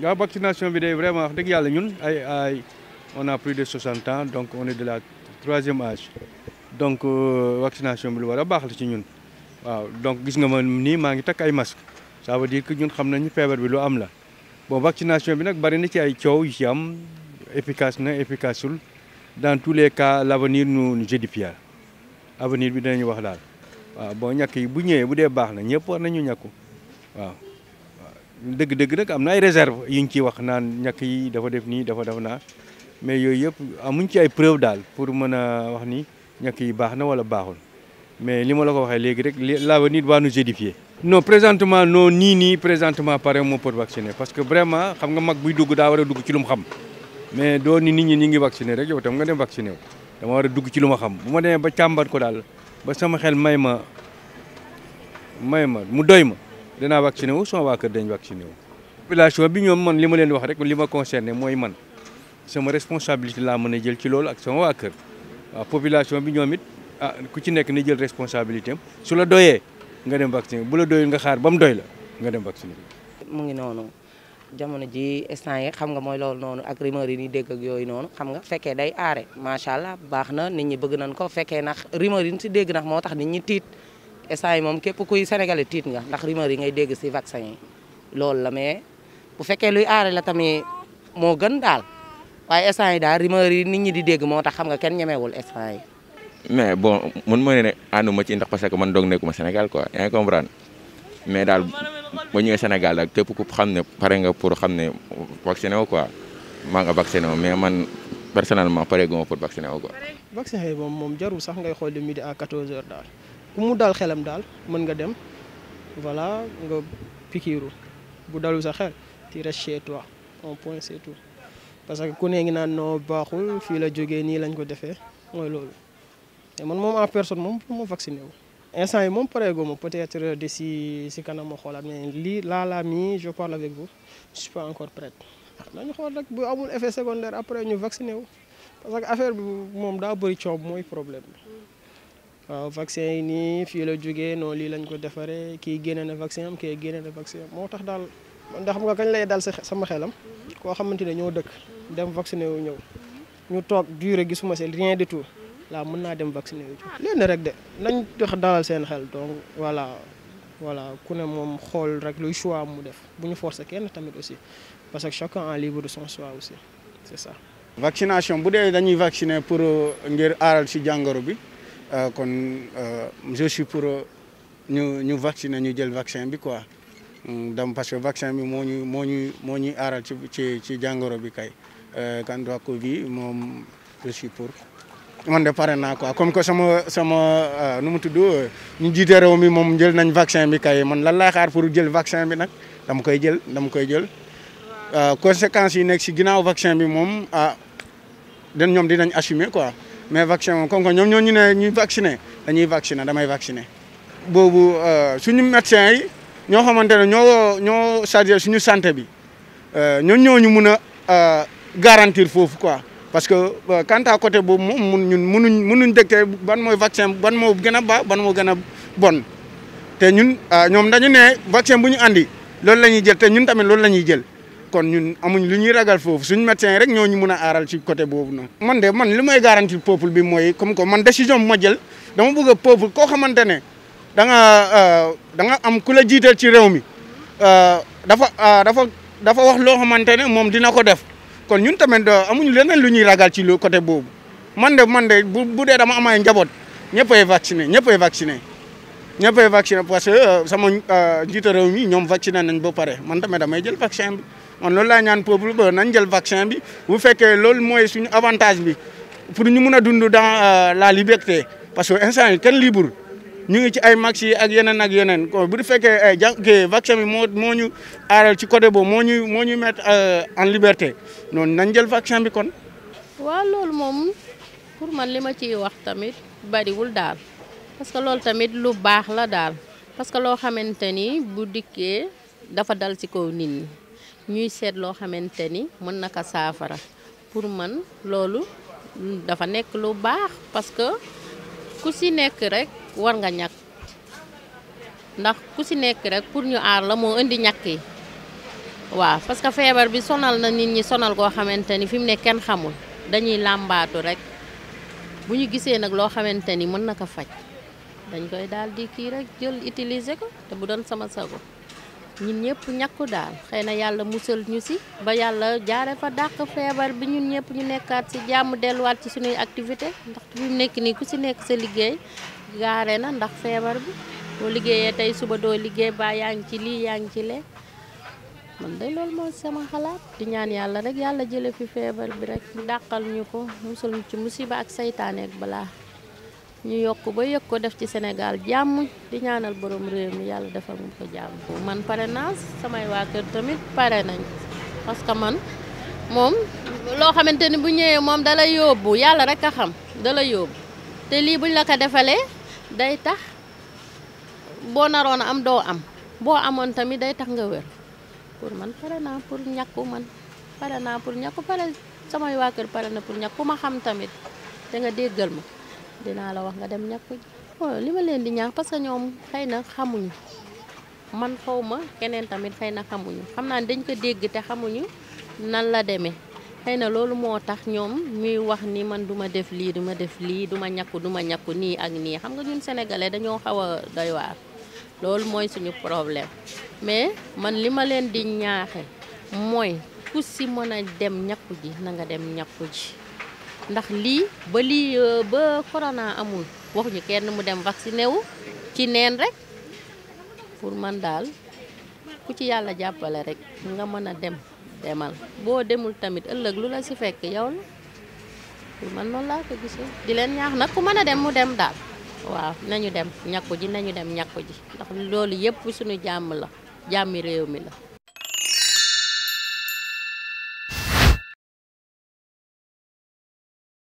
La vaccination, vraiment, on a plus de 60 ans, donc on est de la troisième âge. Donc, euh, la vaccination, c'est bon Donc, vous voyez, je suis un masque. Ça veut dire que nous avons la Bon, la vaccination, est très a beaucoup est efficace, efficace. Dans tous les cas, l'avenir nous édifie. L'avenir, nous avons la Bon, il y a des gens qui ont des barres, il y a des gens qui ont des dëgg-dëgg nag am na ay réserve yi ñu ciy wax naan ñàkk yi dafa def nii dafa def naa mais yooyu yëpp amuñ ci ay preuve daal pour mën a wax nii ñàkk yi baax na wala baaxul mais li ma la ko waxee léegi rek laa l'avenir va nous édifier. no présentement non nii nii présentement pare moo pour vacciner parce que vraiment xam nga mag buy dugg daa war a dugg ci lu xam mais doo ni nit ñi ñi ngi vacciné rek yow tam nga dem vacciné wu dama war a dugg ci lu ma xam bu ma demee ba càmbar ko daal ba sama xel may ma may ma mu doy ma. danaa vacciné wu sama waa kër dañ vacciné wu population bi ñoom man li ma leen wax rek li ma concerné mooy man sama responsabilité laa mën a jël ci loolu ak sama waa kër population bi ñoom it ah, ku ci nekk na jël responsabilité am su la doyee nga dem vacciné bu la doyul nga xaar ba mu doy la nga dem vacciné mu ngi noonu jamono ji instant yi xam nga mooy loolu noonu ak rumeur yi ñuy dégg ak yooyu noonu xam nga fekkee day aare macha allah baax na nit ñi bëgg nañ ko fekkee ndax rumeur yi ñu si dégg nax moo tax nit ñi tiit instant yi moom képp kuy sénégalais tiit nga ndax rumeur yi ngay dégg si vaccin yi loolu la mais bu fekkee luy aare la tamit moo gën daal waaye instant yi daal rumeur yi nit ñi di dégg moo tax xam nga kenn ñemewul instant yi. mais bon mun ma ne ànduma ci ndax parce que man doog nekkuma Sénégal quoi yaa mais daal ba ñëwee Sénégal daal képp ku xam ne pare nga pour xam ne vacciné wu quoi maa nga vacciné wu mais man personnellement pare gu ma pour vacciné wu quoi. moom moom sax ngay xool midi à 14h daal. ku dal xelam tu mën nga dem voilà nga pikiru bu dalu sa xel tu restes chez toi point c'est tout parce que ku ne ngi nan no fi la joge lañ ko en personne je parle avec vous je suis pas encore prête ah, nañu xool rek bu amul effet secondaire après vacciné parce que affaire bi un problème waaw vaccin yi nii la jógee noonu lii lañ ko défaré ki génne na vaccin am kii génne na vaccin am moo tax daal ndax xam nga kañ lay dal sama xélam ko xamante ñoo dëkk dem vacciné wu ñëw ñu tok durée gisuma sé rien du tout la mëna dem vacciné wu leen rek dé nañ tax dalal seen xel donc voilà voilà ku ne mom xol rek luy choix mu def buñu forcer kenn tamit aussi parce que chacun est libre de son choix aussi c'est ça. vaccination bu dé dañuy vacciner pour euh, ngir aral ci jàngoro bi. Euh, kon euh, je suis pour euh, ñu ñu vacciner ñu jël vaccin bi quoi dam mm, parce que vaccin bi moñu moñu moñu aral ci ci ci bi kay kan waa Covid mom je suis pour man de paré na quoi comme que sama sama nu mu tudd ñu jiite rew mi mom jël nañ vaccin bi kay man lan lay xaar pour jël vaccin bi nak dam koy jël dam koy jël conséquences yi nek si ginaaw vaccin bi mom ah den ñom dinañ assumer quoi mais vaccin moom ñoom ñoo ñu ne ñuy vacciné dañuy vacciné damay vacciné. boobu euh, suñu médecin yi ñoo xamante ne ñoo ñoo chargé suñu santé bi euh, ñoo ñu mun a euh, garantir foofu quoi parce que quant à côté boobu moom ñun mënuñ mënuñ dégte ban mooy vaccin ban moo gën a baax ban moo gën a bon te ñun ñoom dañu ne vaccin bu ñu andi loolu la ñuy jël te ñun tamit loolu la ñuy jël. kon ñun amuñ lu ñuy ragal fofu suñu médecin rek ñoo ñu aral a kote ci côté bobu non man de man limay garantir peuple bi moy comme ko man décision ma jël dama bëgg peuple ko xamantene da nga euh, da nga am kula jital ci réew mi euh, dafa euh, dafa dafa wax lo xamantene mom dina ko def kon ñun tamit amuñ leneen lu ñuy ragal ci lu côté bobu man de man de bu dé dama am ay njaboot ñëpp ay vacciné ñëpp ay vacciner ñëpp ay vacciné parce que sama njiita réew mi ñom vacciner nañ ba pare man tamé damay jël vaccin bi man loolu laa ñaan peuple ba nañ jël vaccin bi bu fekkee loolu mooy suñu avantage bi pour ñu mun a dund dans euh, la liberté parce que instant yi kenn libre ñu ngi ci ay max yi ak yeneen ak yeneen kon bu fekkee eh, ja vaccin bi moo moo ñu aaral ci côté boobu moo ñu moo ñu mettre euh, en liberté noonu nañ jël vaccin bi kon. waaw loolu moom pour man li ma ciy wax tamit bariwul daal parce que loolu tamit lu baax la daal parce que loo xamante ni bu dikkee dafa dal ci kaw nit ñi. ñuy seet loo xamante ni mën na ko saafara pour man loolu dafa nekk lu baax parce que ku si nekk rek war nga ñàkk ndax ku si nekk rek pour ñu aar la moo indi ñàkk yi parce que bi sonal na nit ñi sonal koo xamante ne xamul dañuy rek bu ñu gisee nag loo xamante ni mën na ko faj dañ koy daal di rek jël utiliser ko te bu sama sago ñun ñëpp ñàkku daal xëy na yàlla musal ñu si ba yàlla jaare fa dàq feebar bi ñun ñëpp ñu nekkaat si jàmm delluwaat ci suñuy activité ndax fi nekk nii ku si nekk sa liggéey gaare na ndax feebar bi boo liggéeyee tey suba doo liggéey baa yaa ngi ci lii yaa ngi ci lee man de loolu mooy sama xalaat di ñaan yàlla rek yàlla jële fi feebar bi rek mu dàqal ñu ko musal ñu ci musiba ak saytaane ak balaa ñu yokk ba yëg ko def ci Sénégal jamm di ñaanal borom réew mi yàlla defal mu ko jamm man pare samay waa kër tamit pare nañ parce que man moom loo xamante ni bu ñëwee moom dala yóbbu yàlla rek a xam dala yóbbu te lii buñ la ko defalee day tax boo naroon am do am boo amon tamit day tax nga wér pour man pare naa pour ñàkku man pare naa pour ñàkku pare samay waa kër pare na pour ñàkku ma xam tamit te nga déggal ma dina la wax nga dem ñakku ji oh, lima li leen di ñaax parce que ñoom xeyna xamuñu man xawma keneen tamit xeyna xamuñu xamna dañ ko dégg te xamuñu nan la démé xeyna lolu loolu moo tax ñoom ñuy wax ni man duma def li duma def li duma ñakku duma ñakku ni ak ni xam nga ñun sénégalais dañoo xawa doy waar loolu mooy suñu problème mais man lima leen di ñaaxe mooy ku si mën dem ñakku ji na nga dem ñakku ji ndax lii ba lii euh, ba corona amul waxuñu kenn mu dem vacciné wu ci neen rek pour man daal ku ci yàlla jàppale rek nga mën a dem demal boo demul tamit ëllëg lu la ci fekk yow la pour man noonu laa ko gisee di leen ñaax nag ku mën a dem mu dem daal waaw nañu dem ñàkku ji nañu dem ñàkku ji ndax loolu yëpp suñu jàmm la jàmmi réew mi la